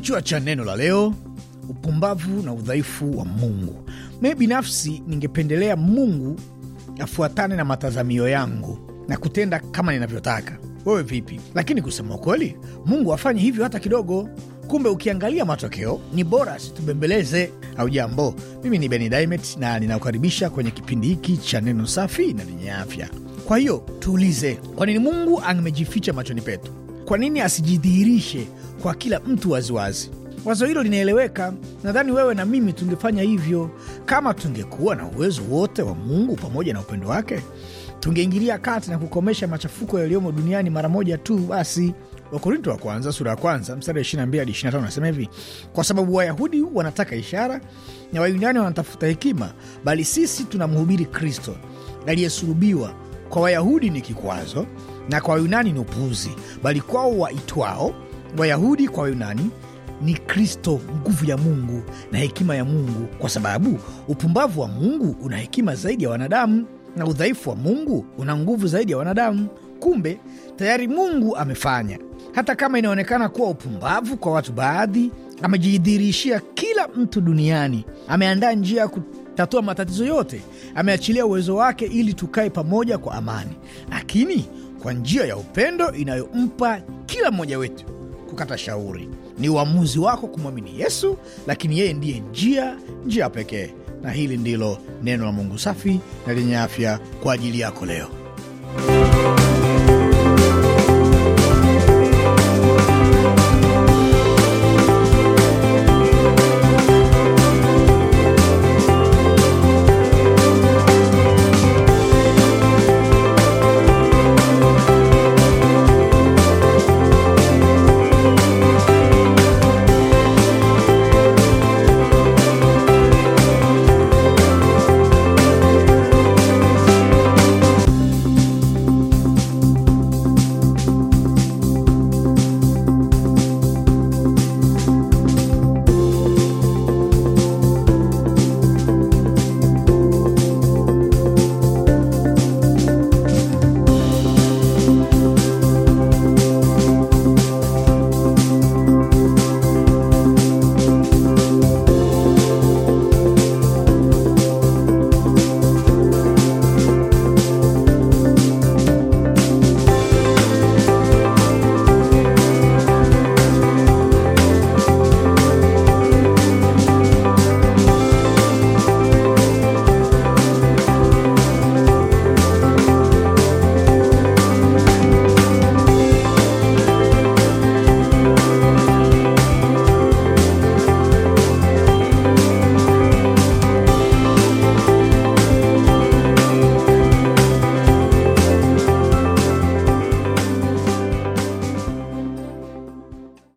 Kichwa cha neno la leo: upumbavu na udhaifu wa Mungu. Mimi binafsi ningependelea Mungu afuatane na matazamio yangu na kutenda kama ninavyotaka. Wewe vipi? Lakini kusema ukweli, Mungu hafanyi hivyo hata kidogo. Kumbe ukiangalia matokeo ni bora situbembeleze. Au jambo, mimi ni Beni Dimet na ninakukaribisha kwenye kipindi hiki cha neno safi na lenye afya. Kwa hiyo tuulize, kwa nini Mungu amejificha machoni petu? kwa nini asijidhihirishe kwa kila mtu waziwazi? Wazo hilo linaeleweka. Nadhani wewe na mimi tungefanya hivyo kama tungekuwa na uwezo wote wa Mungu pamoja na upendo wake. Tungeingilia kati na kukomesha machafuko yaliyomo duniani mara moja tu basi. Wakorinto wa kwanza sura ya kwanza mstari wa 22 hadi 25 anasema hivi: kwa sababu Wayahudi wanataka ishara na Wayunani wanatafuta hekima, bali sisi tunamhubiri Kristo aliyesulubiwa. Kwa Wayahudi ni kikwazo na kwa Wayunani ni upuuzi, bali kwao waitwao Wayahudi kwa Wayunani ni Kristo nguvu ya Mungu na hekima ya Mungu, kwa sababu upumbavu wa Mungu una hekima zaidi ya wanadamu na udhaifu wa Mungu una nguvu zaidi ya wanadamu. Kumbe tayari Mungu amefanya, hata kama inaonekana kuwa upumbavu kwa watu baadhi. Amejidhirishia kila mtu duniani, ameandaa njia ya kutatua matatizo yote, ameachilia uwezo wake ili tukae pamoja kwa amani. Lakini kwa njia ya upendo inayompa kila mmoja wetu kukata shauri. Ni uamuzi wako kumwamini Yesu, lakini yeye ndiye njia, njia pekee. Na hili ndilo neno la Mungu safi na lenye afya kwa ajili yako leo.